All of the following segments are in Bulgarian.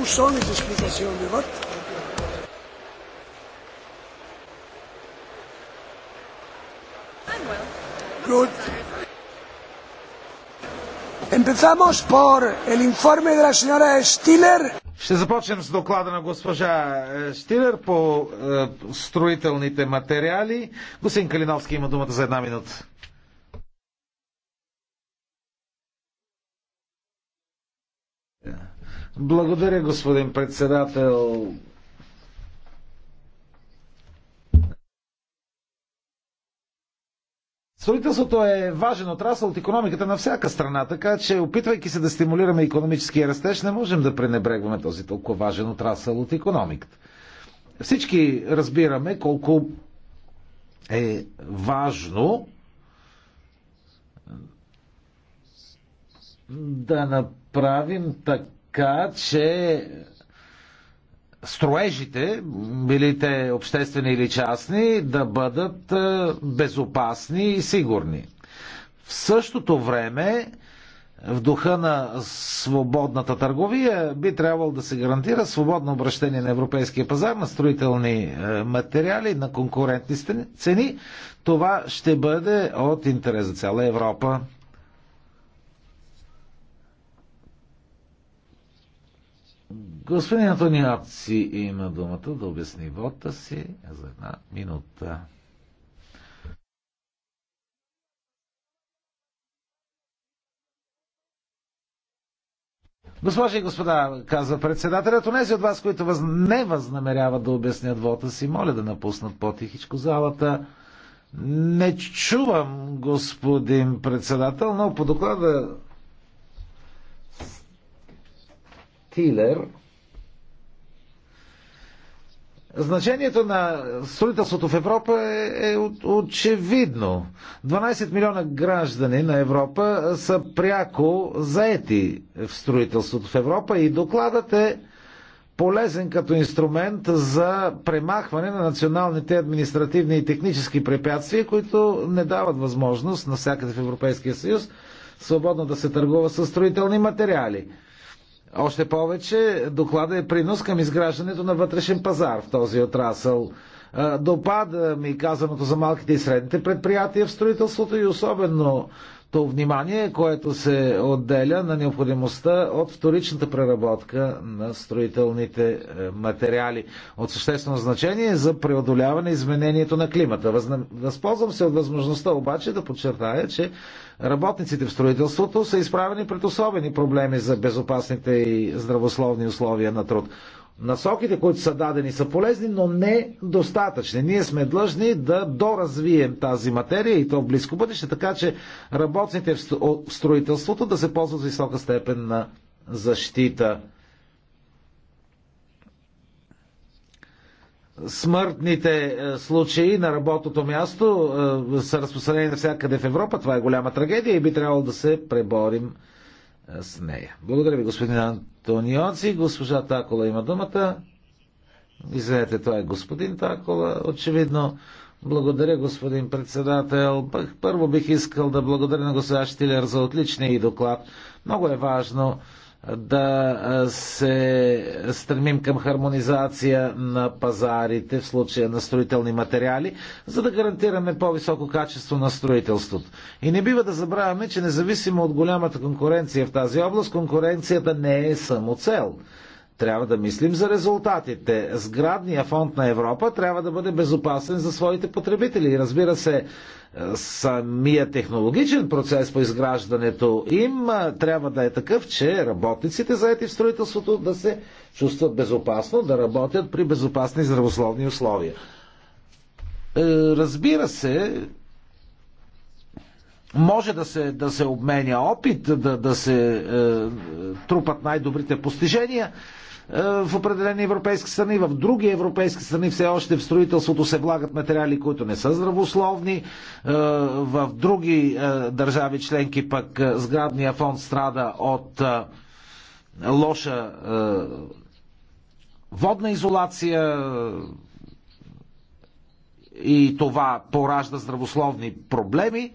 de Good. Empezamos por el informe de la señora Stiller. Ще започнем с доклада на госпожа Штилер по е, строителните материали. Господин Калиновски има думата за една минута. Благодаря, господин председател. Строителството е важен отрасъл от економиката на всяка страна, така че опитвайки се да стимулираме економическия растеж, не можем да пренебрегваме този толкова важен отрасъл от економиката. Всички разбираме колко е важно да направим така, така, че строежите, били те обществени или частни, да бъдат е, безопасни и сигурни. В същото време, в духа на свободната търговия, би трябвало да се гарантира свободно обращение на европейския пазар на строителни е, материали на конкурентни цени. Това ще бъде от интерес за цяла Европа. Господин Антониоци има думата да обясни вота си за една минута. Госпожи и господа, казва председателят, онези от вас, които въз... не възнамеряват да обяснят вота си, моля да напуснат по-тихичко залата. Не чувам, господин председател, но по доклада Тилер Значението на строителството в Европа е, е очевидно. 12 милиона граждани на Европа са пряко заети в строителството в Европа и докладът е полезен като инструмент за премахване на националните административни и технически препятствия, които не дават възможност навсякъде в Европейския съюз свободно да се търгува с строителни материали. Още повече, доклада е принос към изграждането на вътрешен пазар в този отрасъл. Допада ми казаното за малките и средните предприятия в строителството и особено то внимание, което се отделя на необходимостта от вторичната преработка на строителните е, материали от съществено значение за преодоляване изменението на климата. Възползвам се от възможността обаче да подчертая, че работниците в строителството са изправени пред особени проблеми за безопасните и здравословни условия на труд. Насоките, които са дадени, са полезни, но не достатъчни. Ние сме длъжни да доразвием тази материя и то в близко бъдеще, така че работните в строителството да се ползват с висока степен на защита. смъртните е, случаи на работното място е, са разпространени навсякъде в Европа. Това е голяма трагедия и би трябвало да се преборим е, с нея. Благодаря ви, господин Тониоци. Госпожа Такола има думата. Извинете, това е господин Такола, очевидно. Благодаря, господин председател. Първо бих искал да благодаря на госпожа Штилер за отличния и доклад. Много е важно да се стремим към хармонизация на пазарите в случая на строителни материали, за да гарантираме по-високо качество на строителството. И не бива да забравяме, че независимо от голямата конкуренция в тази област, конкуренцията не е само цел. Трябва да мислим за резултатите. Сградния фонд на Европа трябва да бъде безопасен за своите потребители. И разбира се, е, самия технологичен процес по изграждането им е, трябва да е такъв, че работниците заети в строителството да се чувстват безопасно, да работят при безопасни здравословни условия. Е, разбира се, може да се, да се обменя опит, да, да се е, трупат най-добрите постижения, е, в определени европейски страни, в други европейски страни все още в строителството се влагат материали, които не са здравословни, е, в други е, държави членки пък сградния фонд страда от лоша водна изолация и това поражда здравословни проблеми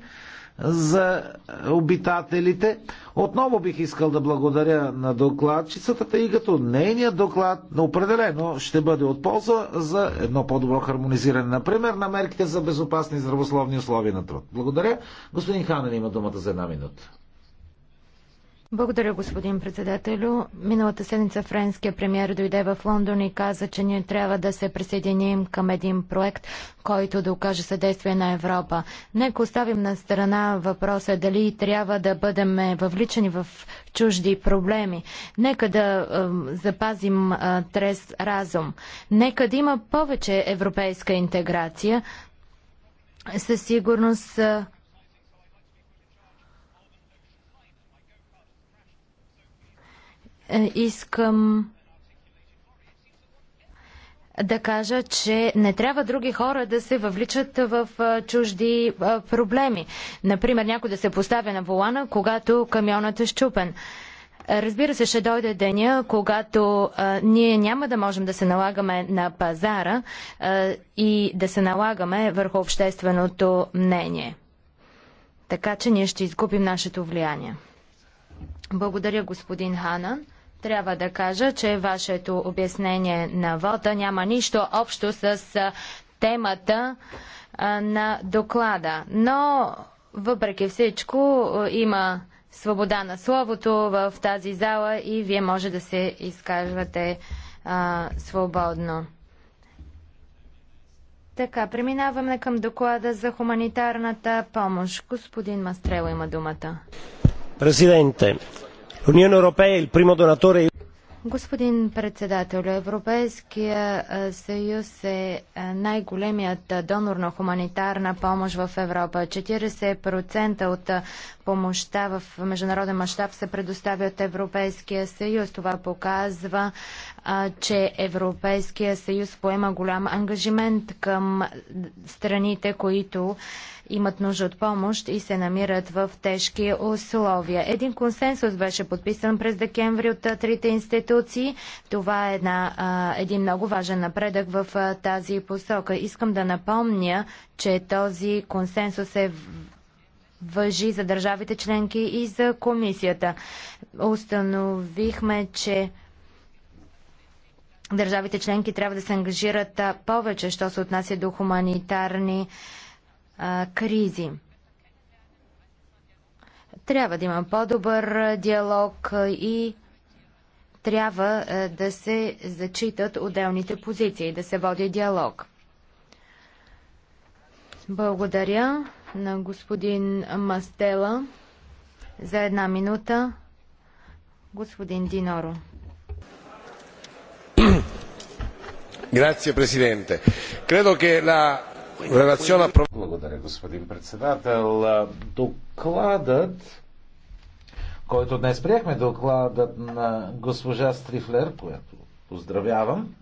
за обитателите. Отново бих искал да благодаря на докладчицата, тъй като нейният доклад определено ще бъде от полза за едно по-добро хармонизиране, например, на мерките за безопасни и здравословни условия на труд. Благодаря. Господин Ханен има думата за една минута. Благодаря, господин председателю. Миналата седмица френския премьер дойде в Лондон и каза, че ние трябва да се присъединим към един проект, който да окаже съдействие на Европа. Нека оставим на страна въпроса дали трябва да бъдем въвличани в чужди проблеми. Нека да е, запазим е, трез разум. Нека да има повече европейска интеграция. Със сигурност е, Е, искам да кажа, че не трябва други хора да се въвличат в чужди проблеми. Например, някой да се поставя на волана, когато камионът е щупен. Разбира се, ще дойде деня, когато а, ние няма да можем да се налагаме на пазара а, и да се налагаме върху общественото мнение. Така че ние ще изгубим нашето влияние. Благодаря, господин Ханан. Трябва да кажа, че вашето обяснение на вода няма нищо общо с темата на доклада. Но, въпреки всичко, има свобода на словото в тази зала и вие може да се изказвате а, свободно. Така, преминаваме към доклада за хуманитарната помощ. Господин Мастрело има думата. Президенте, Europea il primo donatore e Господин председател, Европейския съюз е най-големият донор на хуманитарна помощ в Европа. 40% от помощта в международен мащаб се предоставя от Европейския съюз. Това показва, че Европейския съюз поема голям ангажимент към страните, които имат нужда от помощ и се намират в тежки условия. Един консенсус беше подписан през декември от трите институции. Това е една, един много важен напредък в тази посока. Искам да напомня, че този консенсус е въжи за държавите членки и за комисията. Установихме, че държавите членки трябва да се ангажират повече, що се отнася до хуманитарни а, кризи. Трябва да има по-добър диалог и трябва да се зачитат отделните позиции, да се води диалог. Благодаря на господин Мастела за една минута. Господин Диноро. Grazie Presidente. Credo che la благодаря, господин председател. Докладът, който днес приехме, докладът на госпожа Стрифлер, която поздравявам,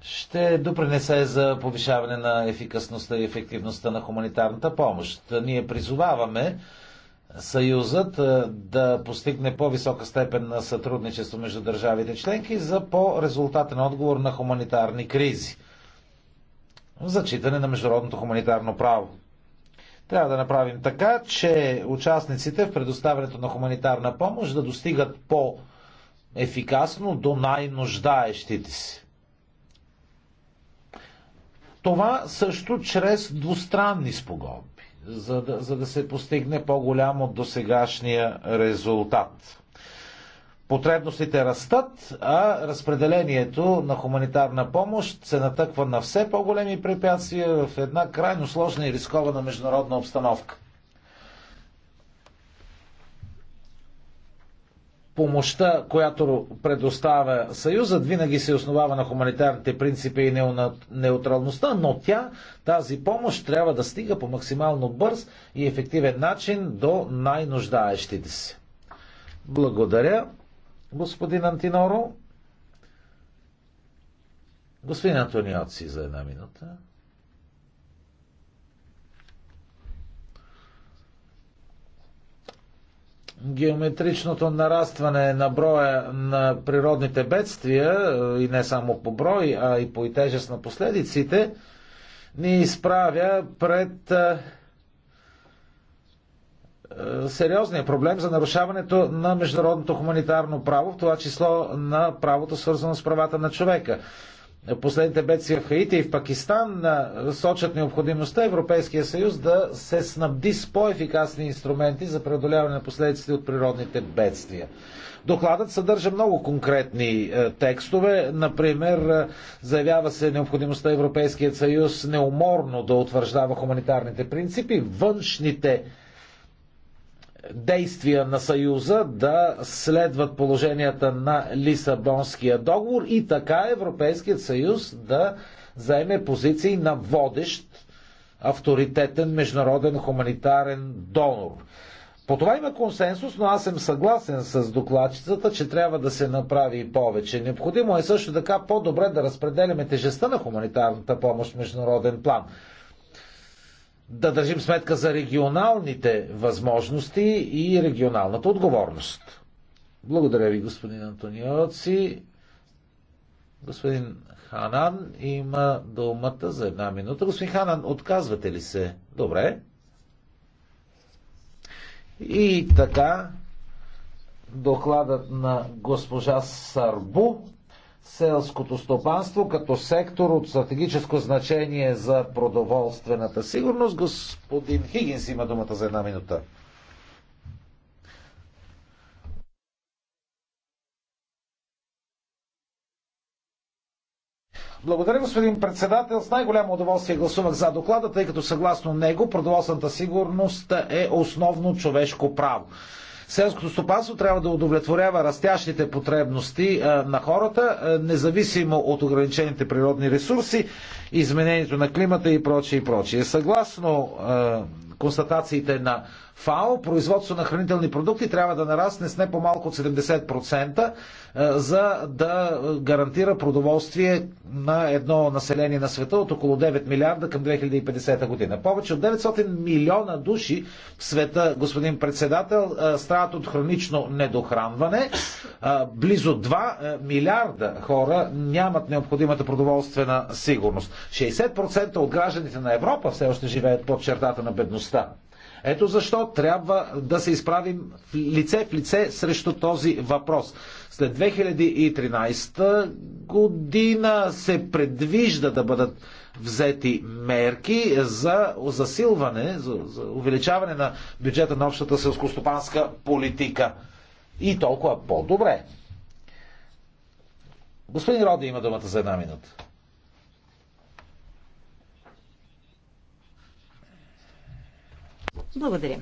ще допринесе за повишаване на ефикасността и ефективността на хуманитарната помощ. Ние призоваваме Съюзът е, да постигне по-висока степен на сътрудничество между държавите членки за по-резултатен отговор на хуманитарни кризи. Зачитане на международното хуманитарно право. Трябва да направим така, че участниците в предоставянето на хуманитарна помощ да достигат по-ефикасно до най-нуждаещите си. Това също чрез двустранни спогодби за да, за да се постигне по-голям от досегашния резултат. Потребностите растат, а разпределението на хуманитарна помощ се натъква на все по-големи препятствия в една крайно сложна и рискована международна обстановка. помощта, която предоставя Съюзът, винаги се основава на хуманитарните принципи и неутралността, но тя, тази помощ, трябва да стига по максимално бърз и ефективен начин до най-нуждаещите се. Благодаря, господин Антиноро. Господин Антониоци за една минута. геометричното нарастване на броя на природните бедствия, и не само по брой, а и по и тежест на последиците, ни изправя пред сериозния проблем за нарушаването на международното хуманитарно право, в това число на правото свързано с правата на човека. Последните бедствия в Хаити и в Пакистан сочат необходимостта Европейския съюз да се снабди с по-ефикасни инструменти за преодоляване на последиците от природните бедствия. Докладът съдържа много конкретни е, текстове. Например, е, заявява се необходимостта Европейският съюз неуморно да утвърждава хуманитарните принципи, външните действия на Съюза да следват положенията на Лисабонския договор и така Европейският съюз да заеме позиции на водещ авторитетен международен хуманитарен донор. По това има консенсус, но аз съм съгласен с докладчицата, че трябва да се направи и повече. Необходимо е също така по-добре да разпределяме тежестта на хуманитарната помощ в международен план да държим сметка за регионалните възможности и регионалната отговорност. Благодаря ви, господин Антониоци. Господин Ханан има думата за една минута. Господин Ханан, отказвате ли се? Добре. И така, докладът на госпожа Сарбу селското стопанство като сектор от стратегическо значение за продоволствената сигурност. Господин Хигинс има думата за една минута. Благодаря, господин председател. С най-голямо удоволствие гласувах за доклада, тъй като съгласно него продоволствената сигурност е основно човешко право. Селското стопанство трябва да удовлетворява растящите потребности на хората, независимо от ограничените природни ресурси, изменението на климата и прочие и прочие. Съгласно констатациите на ФАО, производство на хранителни продукти трябва да нарасне с не по-малко от 70%, е, за да гарантира продоволствие на едно население на света от около 9 милиарда към 2050 година. Повече от 900 милиона души в света, господин председател, е, страдат от хронично недохранване. Е, близо 2 милиарда хора нямат необходимата продоволствена сигурност. 60% от гражданите на Европа все още живеят под чертата на бедността сигурността. Ето защо трябва да се изправим в лице в лице срещу този въпрос. След 2013 година се предвижда да бъдат взети мерки за засилване, за, за увеличаване на бюджета на общата селскостопанска политика. И толкова по-добре. Господин Роди има думата за една минута. Благодаря.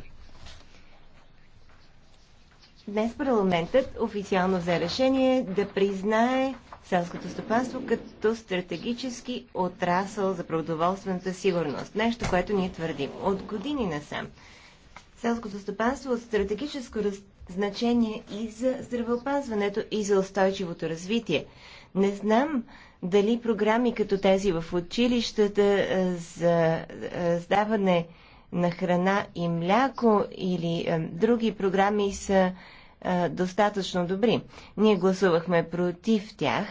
Днес парламентът официално взе решение да признае селското стопанство като стратегически отрасъл за продоволствената сигурност. Нещо, което ние твърдим от години насам. Селското стопанство е от стратегическо раз... значение и за здравеопазването, и за устойчивото развитие. Не знам дали програми като тези в училищата за сдаване на храна и мляко или е, други програми са е, достатъчно добри. Ние гласувахме против тях,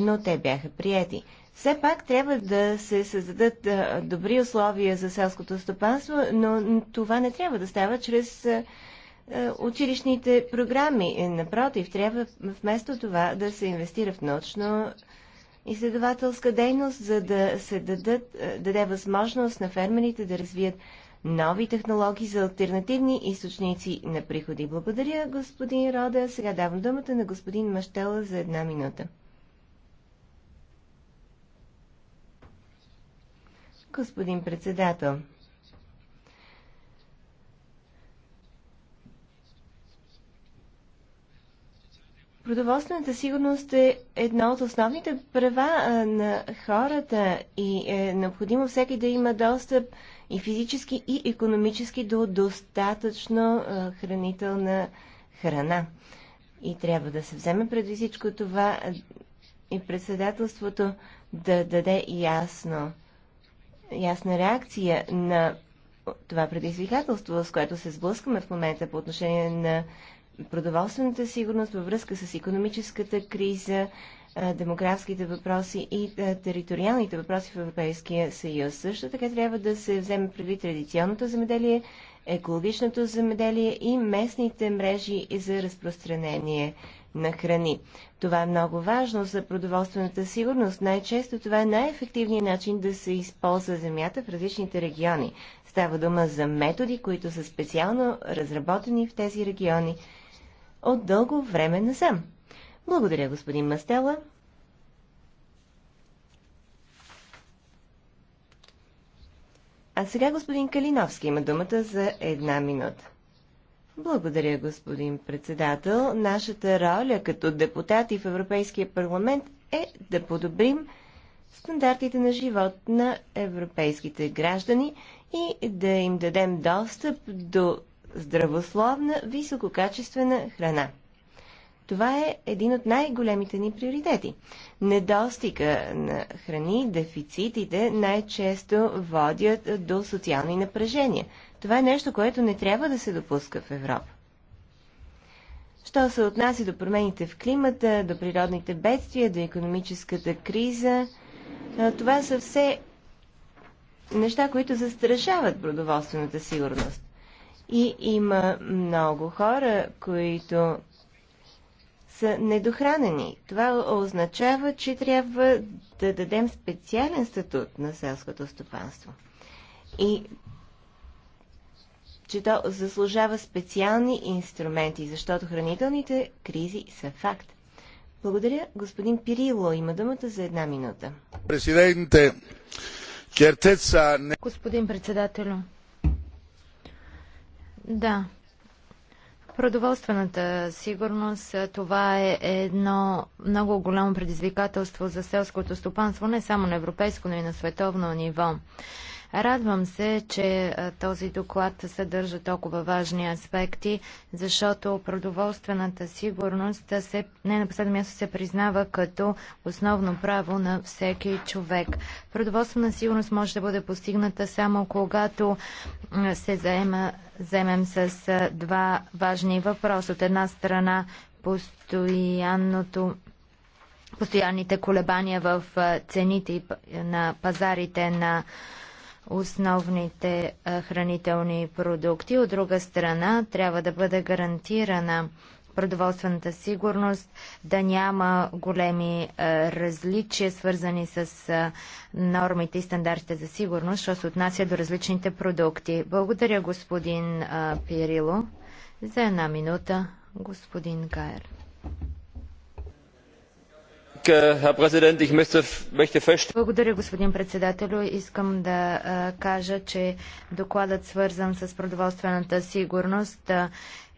но те бяха приети. Все пак трябва да се създадат е, добри условия за селското стопанство, но това не трябва да става чрез е, е училищните програми. Е, напротив, трябва вместо това да се инвестира в научно изследователска дейност, за да се дадат, е, даде възможност на фермерите да развият нови технологии за альтернативни източници на приходи. Благодаря, господин Рода. Сега давам думата на господин Мащела за една минута. Господин председател, Продоволствената сигурност е едно от основните права на хората и е необходимо всеки да има достъп и физически, и економически до достатъчно хранителна храна. И трябва да се вземе преди всичко това и председателството да даде ясно, ясна реакция на това предизвикателство, с което се сблъскаме в момента по отношение на продоволствената сигурност, във връзка с економическата криза, демографските въпроси и териториалните въпроси в Европейския съюз. Също така трябва да се вземе предвид традиционното земеделие, екологичното земеделие и местните мрежи за разпространение на храни. Това е много важно за продоволствената сигурност. Най-често това е най-ефективният начин да се използва земята в различните региони. Става дума за методи, които са специално разработени в тези региони от дълго време насам. Благодаря, господин Мастела. А сега господин Калиновски има думата за една минута. Благодаря, господин председател. Нашата роля като депутати в Европейския парламент е да подобрим стандартите на живот на европейските граждани и да им дадем достъп до здравословна, висококачествена храна. Това е един от най-големите ни приоритети. Недостига на храни, дефицитите най-често водят до социални напрежения. Това е нещо, което не трябва да се допуска в Европа. Що се отнася до промените в климата, до природните бедствия, до економическата криза, това са все неща, които застрашават продоволствената сигурност. И има много хора, които са недохранени. Това означава, че трябва да дадем специален статут на селското стопанство. И че то заслужава специални инструменти, защото хранителните кризи са факт. Благодаря. Господин Пирило има думата за една минута. Господин председател, да. Продоволствената сигурност, това е едно много голямо предизвикателство за селското стопанство, не само на европейско, но и на световно ниво. Радвам се, че този доклад съдържа толкова важни аспекти, защото продоволствената сигурност се, не на последно място се признава като основно право на всеки човек. Продоволствена сигурност може да бъде постигната само когато се заема, заемем с два важни въпроса. От една страна постоянното постоянните колебания в цените на пазарите на основните хранителни продукти. От друга страна, трябва да бъде гарантирана продоволствената сигурност, да няма големи различия, свързани с нормите и стандартите за сигурност, що се отнася до различните продукти. Благодаря, господин Пирило. За една минута, господин Гайер. Äh, Благодаря, господин председателю. Искам да кажа, че докладът свързан с продоволствената сигурност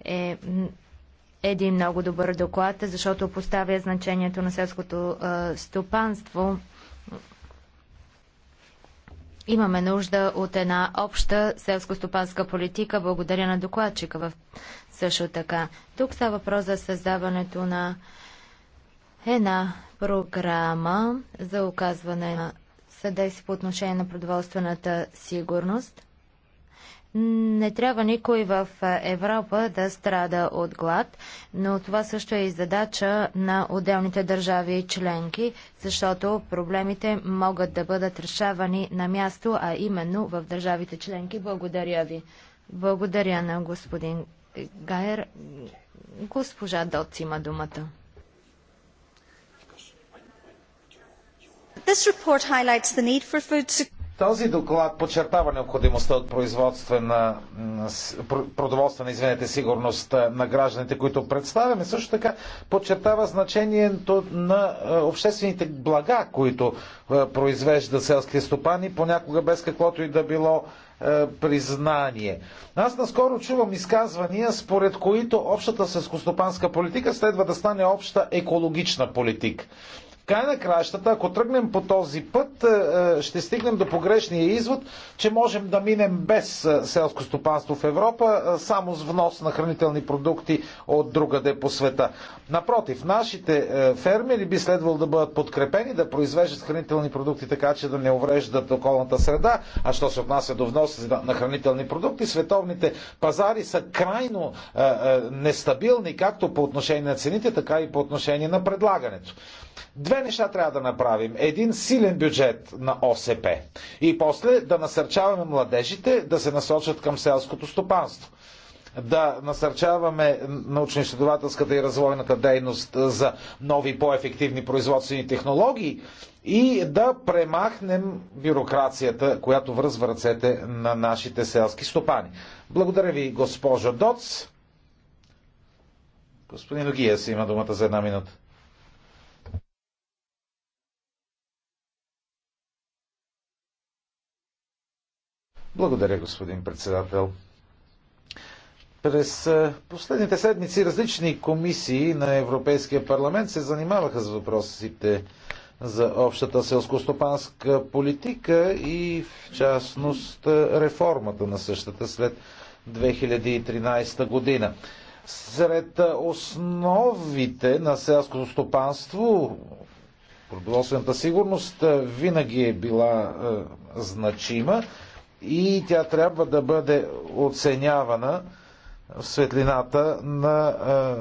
е един много добър доклад, защото поставя значението на селското стопанство. Имаме нужда от една обща селско-стопанска политика. Благодаря на докладчика в също така. Тук става въпрос за създаването на една програма за оказване на съдейство по отношение на продоволствената сигурност. Не трябва никой в Европа да страда от глад, но това също е и задача на отделните държави и членки, защото проблемите могат да бъдат решавани на място, а именно в държавите членки. Благодаря ви. Благодаря на господин Гайер. Госпожа Доц има думата. Този доклад подчертава необходимостта от производствена, продоволствена, извинете, сигурност на гражданите, които представяме. Също така подчертава значението на обществените блага, които произвежда селски стопани, понякога без каквото и да било признание. Аз наскоро чувам изказвания, според които общата селскостопанска политика следва да стане обща екологична политика край на краищата, ако тръгнем по този път, е, е, ще стигнем до погрешния извод, че можем да минем без е, селско стопанство в Европа, само с внос на хранителни продукти от другаде по света. Напротив, нашите фермери би следвало да бъдат подкрепени, да произвеждат хранителни продукти така, че да не увреждат околната среда, а що се отнася до внос на хранителни продукти, световните пазари са крайно нестабилни, както по отношение на цените, така и по отношение на предлагането. Две Две неща трябва да направим. Един силен бюджет на ОСП и после да насърчаваме младежите да се насочат към селското стопанство да насърчаваме научно-изследователската и развойната дейност за нови по-ефективни производствени технологии и да премахнем бюрокрацията, която връзва ръцете на нашите селски стопани. Благодаря ви, госпожо Доц. Господин Огия, си има думата за една минута. Благодаря, господин председател. През последните седмици различни комисии на Европейския парламент се занимаваха с въпросите за общата селскостопанска политика и в частност реформата на същата след 2013 година. Сред основите на селското стопанство продоволствената сигурност винаги е била значима и тя трябва да бъде оценявана в светлината на е,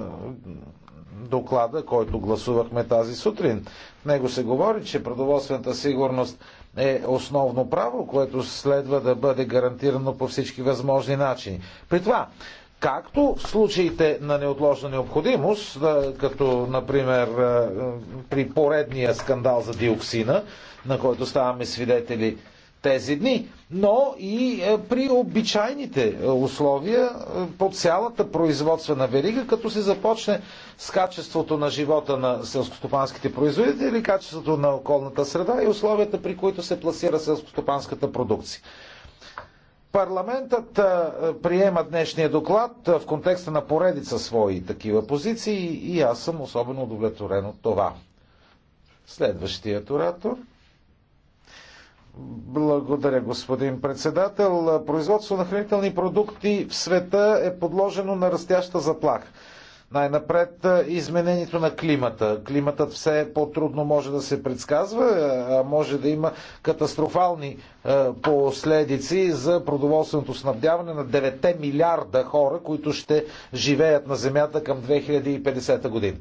доклада, който гласувахме тази сутрин. В него се говори, че продоволствената сигурност е основно право, което следва да бъде гарантирано по всички възможни начини. При това, както в случаите на неотложна необходимост, е, като например е, при поредния скандал за диоксина, на който ставаме свидетели тези дни, но и е, при обичайните е, условия е, по цялата производствена верига, като се започне с качеството на живота на селскостопанските производители, качеството на околната среда и условията, при които се пласира селскостопанската продукция. Парламентът приема днешния доклад в контекста на поредица свои такива позиции и аз съм особено удовлетворен от това. Следващият оратор. Благодаря, господин председател. Производство на хранителни продукти в света е подложено на растяща заплаха. Най-напред изменението на климата. Климатът все по-трудно може да се предсказва, а може да има катастрофални последици за продоволственото снабдяване на 9 милиарда хора, които ще живеят на Земята към 2050 година.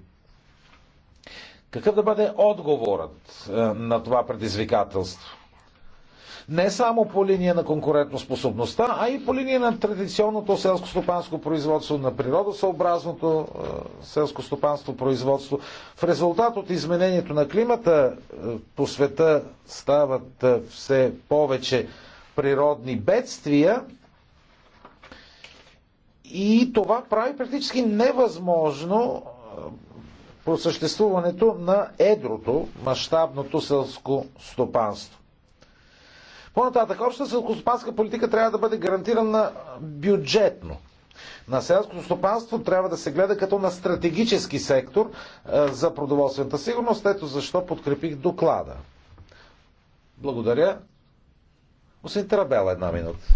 Какъв да бъде отговорът на това предизвикателство? не само по линия на конкурентоспособността, а и по линия на традиционното селско-стопанско производство, на природосъобразното е, селско-стопанско производство. В резултат от изменението на климата е, по света стават е, все повече природни бедствия, и това прави практически невъзможно просъществуването на едрото, мащабното селско стопанство. По-нататък, общата селскостопанска политика трябва да бъде гарантирана бюджетно. На селското стопанство трябва да се гледа като на стратегически сектор е, за продоволствената сигурност. Ето защо подкрепих доклада. Благодаря. Господин Тарабела, една минута.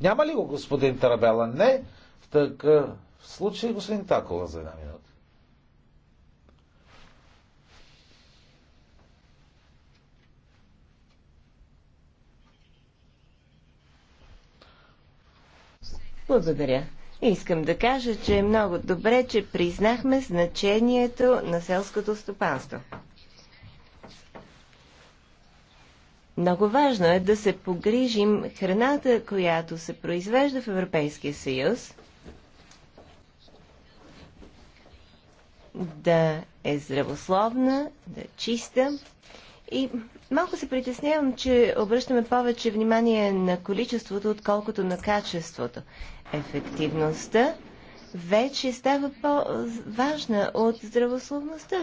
Няма ли го господин Тарабела? Не. В такъв случай господин Такова за една минута. Благодаря. Искам да кажа, че е много добре, че признахме значението на селското стопанство. Много важно е да се погрижим храната, която се произвежда в Европейския съюз, да е здравословна, да е чиста и Малко се притеснявам, че обръщаме повече внимание на количеството, отколкото на качеството. Ефективността вече става по-важна от здравословността.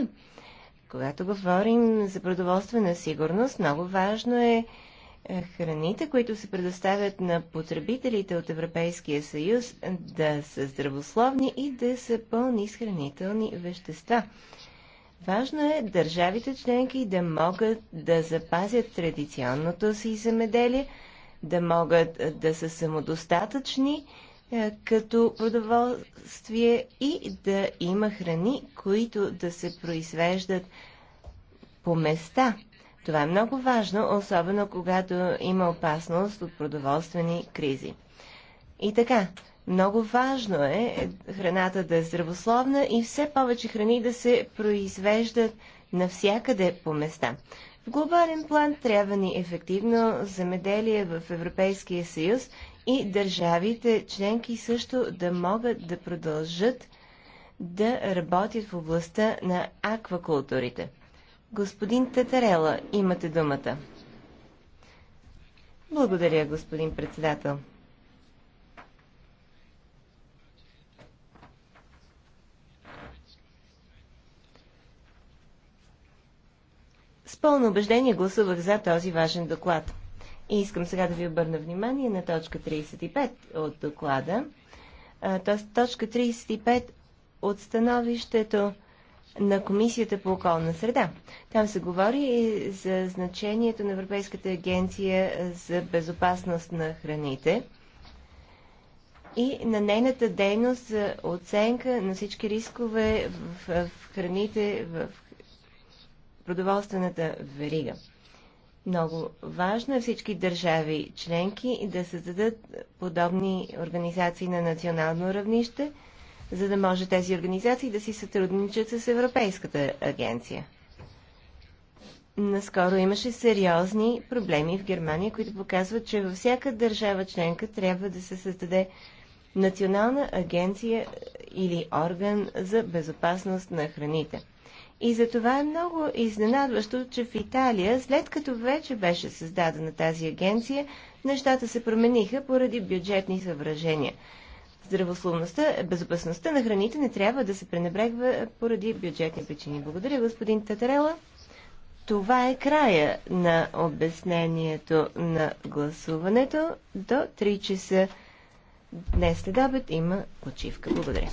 Когато говорим за продоволствена сигурност, много важно е, е храните, които се предоставят на потребителите от Европейския съюз, да са здравословни и да са пълни с хранителни вещества. Важно е държавите членки да могат да запазят традиционното си земеделие, да могат е, да са самодостатъчни е, като продоволствие и да има храни, които да се произвеждат по места. Това е много важно, особено когато има опасност от продоволствени кризи. И така, много важно е храната да е здравословна и все повече храни да се произвеждат навсякъде по места. В глобален план трябва ни ефективно замеделие в Европейския съюз и държавите членки също да могат да продължат да работят в областта на аквакултурите. Господин Татарела, имате думата. Благодаря, господин председател. пълно убеждение гласувах за този важен доклад. И искам сега да ви обърна внимание на точка 35 от доклада. Тоест точка 35 от становището на Комисията по околна среда. Там се говори за значението на Европейската агенция за безопасност на храните и на нейната дейност за оценка на всички рискове в храните, в продоволствената верига. Много важно е всички държави членки да създадат подобни организации на национално равнище, за да може тези организации да си сътрудничат с Европейската агенция. Наскоро имаше сериозни проблеми в Германия, които показват, че във всяка държава членка трябва да се създаде национална агенция или орган за безопасност на храните. И за това е много изненадващо, че в Италия, след като вече беше създадена тази агенция, нещата се промениха поради бюджетни съображения. Здравословността, безопасността на храните не трябва да се пренебрегва поради бюджетни причини. Благодаря, господин Татарела. Това е края на обяснението на гласуването. До 3 часа днес след обед има почивка. Благодаря.